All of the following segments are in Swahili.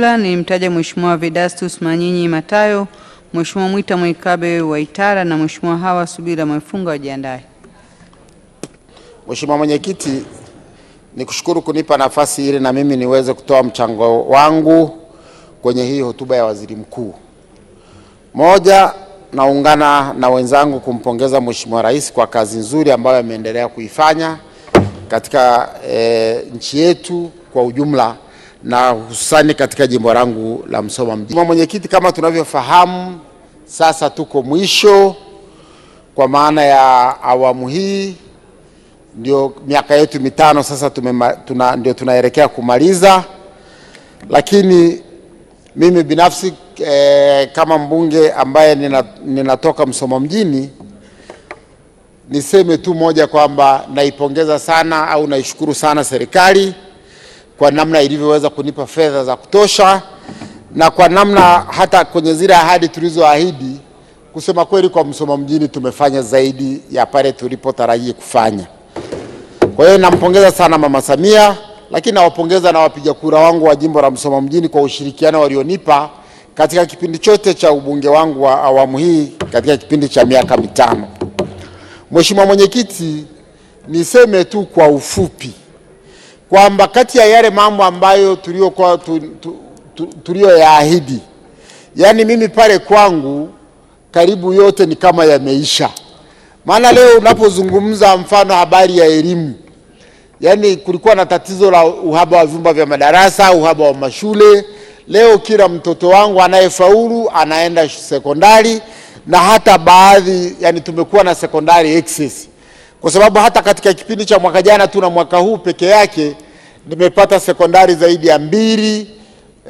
Mvula nilimtaja Mheshimiwa Vedastus Manyinyi Matayo, Mheshimiwa Mwita wa itara na Mheshimiwa Hawa Subira Mwefunga wajiandae. Mheshimiwa Mwenyekiti, nikushukuru kunipa nafasi ili na mimi niweze kutoa mchango wangu kwenye hii hotuba ya Waziri Mkuu. Moja, naungana na wenzangu kumpongeza Mheshimiwa Rais kwa kazi nzuri ambayo ameendelea kuifanya katika e, nchi yetu kwa ujumla na hususani katika jimbo langu la Musoma mjini. Mwenyekiti, kama tunavyofahamu sasa tuko mwisho kwa maana ya awamu hii, ndio miaka yetu mitano sasa tumema, tuna, ndio tunaelekea kumaliza, lakini mimi binafsi eh, kama mbunge ambaye nina, ninatoka Musoma mjini niseme tu moja kwamba naipongeza sana au naishukuru sana serikali kwa namna ilivyoweza kunipa fedha za kutosha na kwa namna hata kwenye zile ahadi tulizoahidi, kusema kweli, kwa Msoma mjini tumefanya zaidi ya pale tulipotarajia kufanya. Kwa hiyo nampongeza sana Mama Samia, lakini nawapongeza na wapiga kura wangu wa jimbo la Msoma mjini kwa ushirikiano walionipa katika kipindi chote cha ubunge wangu wa awamu hii katika kipindi cha miaka mitano. Mheshimiwa Mwenyekiti, niseme tu kwa ufupi kwamba kati ya yale mambo ambayo tuliyokuwa tu, tu, tu, tuliyoyaahidi, yaani mimi pale kwangu karibu yote ni kama yameisha. Maana leo unapozungumza mfano habari ya elimu, yaani kulikuwa na tatizo la uhaba wa vyumba vya madarasa, uhaba wa mashule. Leo kila mtoto wangu anayefaulu anaenda sekondari na hata baadhi, yani tumekuwa na sekondari excess kwa sababu hata katika kipindi cha mwaka jana tu na mwaka huu peke yake nimepata sekondari zaidi ya mbili,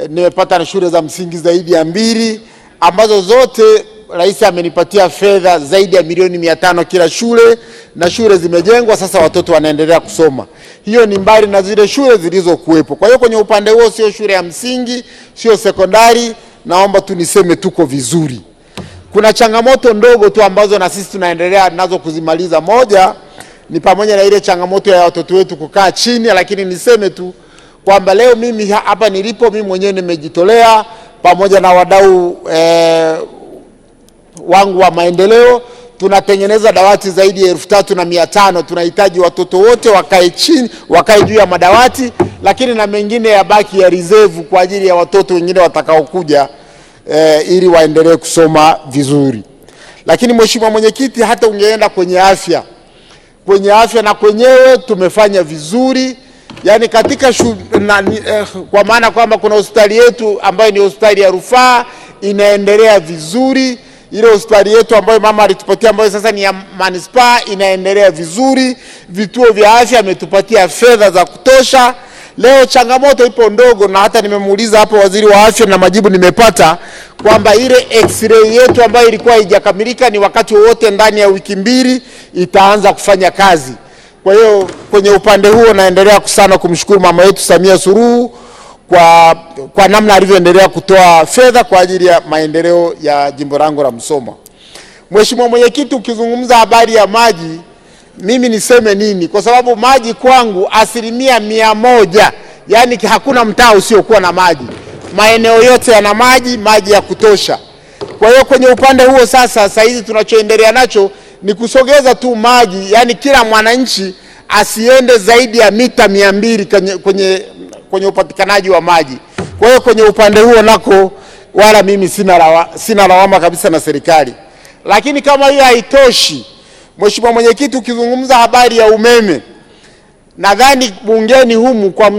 eh, nimepata na shule za msingi zaidi ya mbili ambazo zote rais amenipatia fedha zaidi ya milioni mia tano kila shule, na shule zimejengwa sasa, watoto wanaendelea kusoma. Hiyo ni mbali na zile shule zilizokuwepo. Kwa hiyo kwenye upande huo, sio shule ya msingi, sio sekondari, naomba tu niseme tuko vizuri. Kuna changamoto ndogo tu ambazo na sisi tunaendelea nazo kuzimaliza. Moja ni pamoja na ile changamoto ya watoto wetu kukaa chini, lakini niseme tu kwamba leo mimi hapa nilipo, mimi mwenyewe nimejitolea pamoja na wadau eh, wangu wa maendeleo tunatengeneza dawati zaidi ya elfu tatu na mia tano. Tunahitaji watoto wote wakae chini, wakae juu ya madawati, lakini na mengine yabaki ya reserve kwa ajili ya watoto wengine watakaokuja eh, ili waendelee kusoma vizuri. Lakini mheshimiwa mwenyekiti, hata ungeenda kwenye afya, kwenye afya na kwenyewe tumefanya vizuri yaani katika shu, na, eh, kwa maana kwamba kuna hospitali yetu ambayo ni hospitali ya rufaa inaendelea vizuri. Ile hospitali yetu ambayo mama alitupatia ambayo sasa ni ya manispaa inaendelea vizuri. Vituo vya afya ametupatia fedha za kutosha. Leo changamoto ipo ndogo, na hata nimemuuliza hapo waziri wa afya na majibu nimepata kwamba ile x-ray yetu ambayo ilikuwa haijakamilika ni wakati wowote ndani ya wiki mbili itaanza kufanya kazi. Kwa hiyo kwenye upande huo naendelea sana kumshukuru mama yetu Samia Suluhu kwa, kwa namna alivyoendelea kutoa fedha kwa ajili ya maendeleo ya jimbo langu la Musoma. Mheshimiwa Mwenyekiti, ukizungumza habari ya maji, mimi niseme nini? Kwa sababu maji kwangu asilimia mia moja, yaani hakuna mtaa usiokuwa na maji maeneo yote yana maji, maji ya kutosha. Kwa hiyo kwenye upande huo sasa, sasa hizi tunachoendelea nacho ni kusogeza tu maji, yani kila mwananchi asiende zaidi ya mita mia mbili kwenye, kwenye, kwenye upatikanaji wa maji. Kwa hiyo kwenye upande huo nako wala mimi sina lawa, sina lawama kabisa na serikali. Lakini kama hiyo haitoshi, Mheshimiwa Mwenyekiti, ukizungumza habari ya umeme, nadhani bungeni humu kwa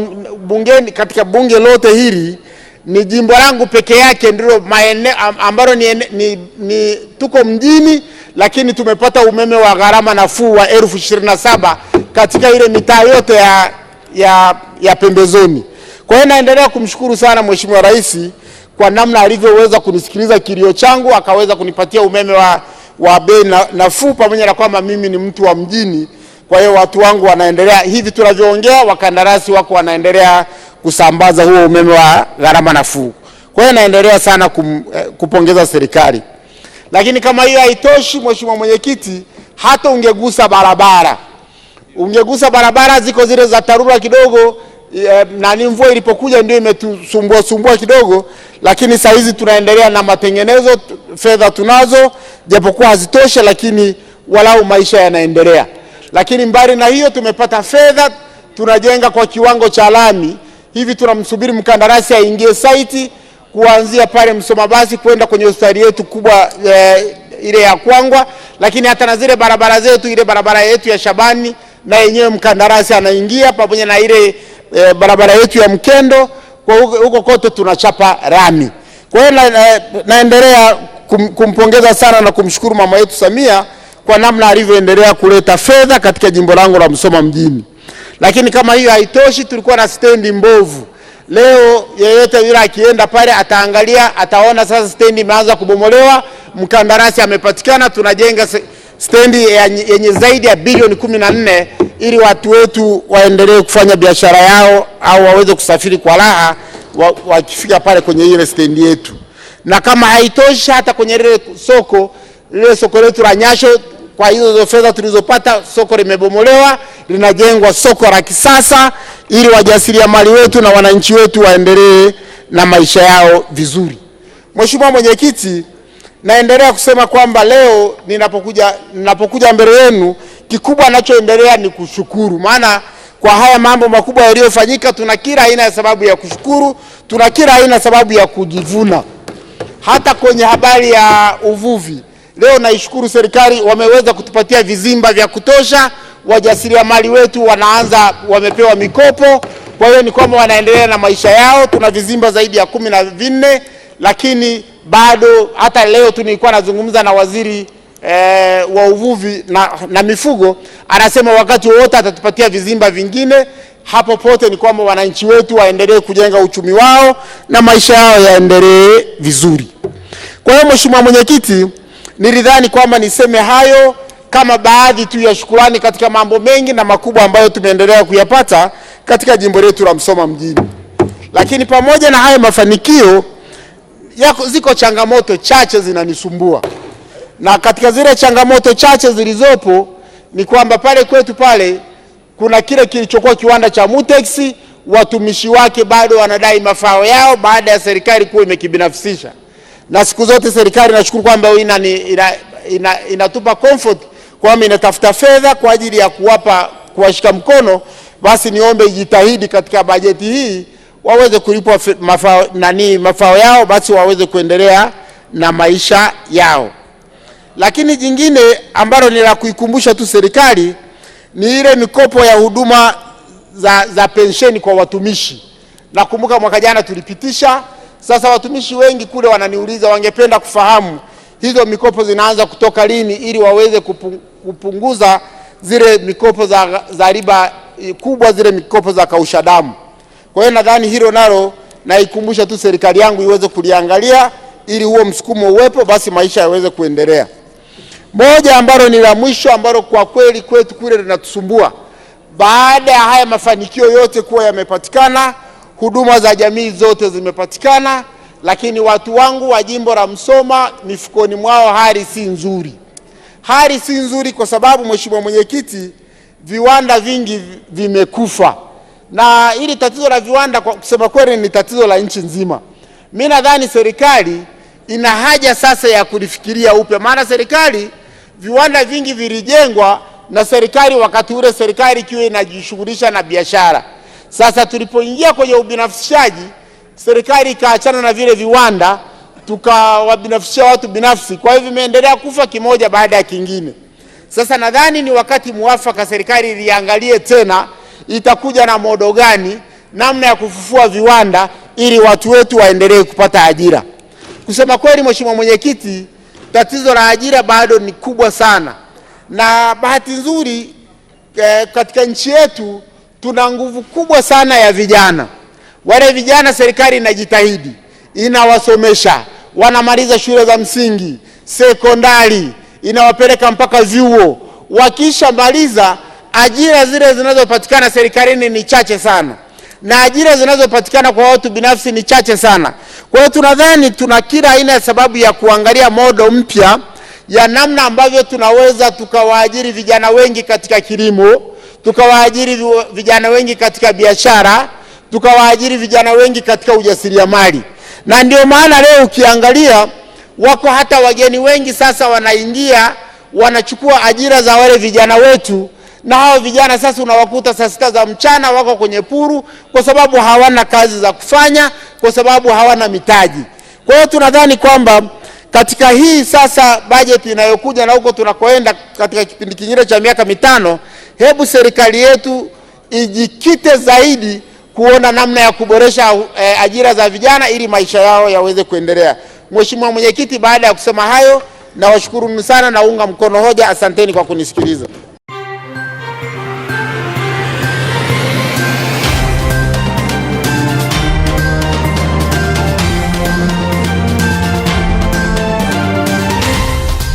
bungeni, katika bunge lote hili ni jimbo langu peke yake ndilo maeneo ambalo ni, ni, ni tuko mjini, lakini tumepata umeme wa gharama nafuu wa elfu ishirini na saba katika ile mitaa yote ya, ya, ya pembezoni. Kwa hiyo naendelea kumshukuru sana Mheshimiwa Rais kwa namna alivyoweza kunisikiliza kilio changu akaweza kunipatia umeme wa, wa bei nafuu, pamoja na kwamba mimi ni mtu wa mjini. Kwa hiyo watu wangu wanaendelea hivi tunavyoongea, wakandarasi wako wanaendelea kusambaza huo umeme wa gharama nafuu. Kwa hiyo naendelea sana kum, eh, kupongeza serikali, lakini kama hiyo haitoshi, mheshimiwa mwenyekiti, hata ungegusa barabara, ungegusa barabara, ziko zile za TARURA kidogo eh, nani, mvua ilipokuja ndio imetusumbua sumbua kidogo, lakini saa hizi tunaendelea na matengenezo, fedha tunazo, japokuwa hazitoshi, lakini walau maisha yanaendelea. Lakini mbali na hiyo, tumepata fedha, tunajenga kwa kiwango cha lami hivi tunamsubiri mkandarasi aingie saiti kuanzia pale Msoma basi kwenda kwenye hospitali yetu kubwa e, ile ya Kwangwa, lakini hata na zile barabara zetu, ile barabara yetu ya Shabani na yenyewe mkandarasi anaingia pamoja na ile e, barabara yetu ya Mkendo kwa huko kote tunachapa rami. Kwa hiyo na, eh, naendelea kum, kumpongeza sana na kumshukuru mama yetu Samia kwa namna alivyoendelea kuleta fedha katika jimbo langu la Msoma mjini. Lakini kama hiyo haitoshi, tulikuwa na stendi mbovu. Leo yeyote yule akienda pale ataangalia, ataona sasa stendi imeanza kubomolewa, mkandarasi amepatikana, tunajenga stendi yenye zaidi ya bilioni kumi na nne ili watu wetu waendelee kufanya biashara yao au waweze kusafiri kwa raha wakifika wa pale kwenye ile stendi yetu. Na kama haitoshi, hata kwenye lile soko lile soko letu la Nyasho kwa hizo hizo fedha tulizopata, soko limebomolewa, linajengwa soko la kisasa, ili wajasiriamali wetu na wananchi wetu waendelee na maisha yao vizuri. Mheshimiwa Mwenyekiti, naendelea kusema kwamba leo ninapokuja ninapokuja mbele yenu, kikubwa anachoendelea ni kushukuru, maana kwa haya mambo makubwa yaliyofanyika, tuna kila aina ya sababu ya kushukuru, tuna kila aina sababu ya kujivuna. Hata kwenye habari ya uvuvi Leo naishukuru serikali, wameweza kutupatia vizimba vya kutosha, wajasiriamali wetu wanaanza, wamepewa mikopo, kwa hiyo ni kwamba wanaendelea na maisha yao. Tuna vizimba zaidi ya kumi na vinne, lakini bado hata leo tu nilikuwa nazungumza na waziri E, wa uvuvi na, na mifugo anasema wakati wowote atatupatia vizimba vingine. Hapo pote ni kwamba wananchi wetu waendelee kujenga uchumi wao na maisha yao yaendelee vizuri. Kwa hiyo Mheshimiwa Mwenyekiti Nilidhani kwamba niseme hayo kama baadhi tu ya shukrani katika mambo mengi na makubwa ambayo tumeendelea kuyapata katika jimbo letu la Msoma mjini. Lakini pamoja na hayo mafanikio yako, ziko changamoto chache zinanisumbua, na katika zile changamoto chache zilizopo ni kwamba pale kwetu pale kuna kile kilichokuwa kiwanda cha Mutex, watumishi wake bado wanadai mafao yao baada ya serikali kuwa imekibinafsisha na siku zote serikali nashukuru kwamba inatupa ina, ina, ina comfort kwamba inatafuta fedha kwa ajili ya kuwapa kuwashika mkono. Basi niombe ijitahidi katika bajeti hii waweze kulipwa mafao, nani mafao yao, basi waweze kuendelea na maisha yao. Lakini jingine ambalo ni la kuikumbusha tu serikali ni ile mikopo ya huduma za, za pensheni kwa watumishi. Nakumbuka mwaka jana tulipitisha sasa watumishi wengi kule wananiuliza, wangependa kufahamu hizo mikopo zinaanza kutoka lini, ili waweze kupunguza zile mikopo za, za riba kubwa, zile mikopo za kausha damu. Kwa hiyo nadhani hilo nalo naikumbusha tu serikali yangu iweze kuliangalia ili huo msukumo uwepo, basi maisha yaweze kuendelea. Moja ambalo ni la mwisho ambalo kwa kweli kwetu kule linatusumbua, baada ya haya mafanikio yote kuwa yamepatikana huduma za jamii zote zimepatikana, lakini watu wangu wa jimbo la Msoma mifukoni mwao hali si nzuri. Hali si nzuri kwa sababu, mheshimiwa mwenyekiti, viwanda vingi vimekufa, na hili tatizo la viwanda kwa kusema kweli ni tatizo la nchi nzima. Mimi nadhani serikali ina haja sasa ya kulifikiria upya, maana serikali viwanda vingi vilijengwa na serikali wakati ule serikali ikiwa inajishughulisha na biashara. Sasa tulipoingia kwenye ubinafsishaji, serikali ikaachana na vile viwanda, tukawabinafsisha watu binafsi. Kwa hiyo vimeendelea kufa kimoja baada ya kingine. Sasa nadhani ni wakati muafaka serikali iliangalie tena, itakuja na modo gani, namna ya kufufua viwanda ili watu wetu waendelee kupata ajira. Kusema kweli, Mheshimiwa Mwenyekiti, tatizo la ajira bado ni kubwa sana, na bahati nzuri eh, katika nchi yetu tuna nguvu kubwa sana ya vijana. Wale vijana serikali inajitahidi, inawasomesha, wanamaliza shule za msingi, sekondari, inawapeleka mpaka vyuo. Wakishamaliza, ajira zile zinazopatikana serikalini ni chache sana, na ajira zinazopatikana kwa watu binafsi ni chache sana. Kwa hiyo tunadhani tuna kila aina ya sababu ya kuangalia modo mpya ya namna ambavyo tunaweza tukawaajiri vijana wengi katika kilimo tukawaajiri vijana wengi katika biashara, tukawaajiri vijana wengi katika ujasiriamali. Na ndio maana leo ukiangalia, wako hata wageni wengi sasa wanaingia wanachukua ajira za wale vijana wetu, na hao vijana sasa unawakuta saa sita za mchana wako kwenye puru, kwa sababu hawana kazi za kufanya, kwa sababu hawana mitaji. Kwa hiyo tunadhani kwamba katika hii sasa bajeti inayokuja na huko tunakoenda katika kipindi kingine cha miaka mitano hebu serikali yetu ijikite zaidi kuona namna ya kuboresha eh, ajira za vijana ili maisha yao yaweze kuendelea. Mheshimiwa Mwenyekiti, baada ya kusema hayo, nawashukuruni sana, naunga mkono hoja. Asanteni kwa kunisikiliza.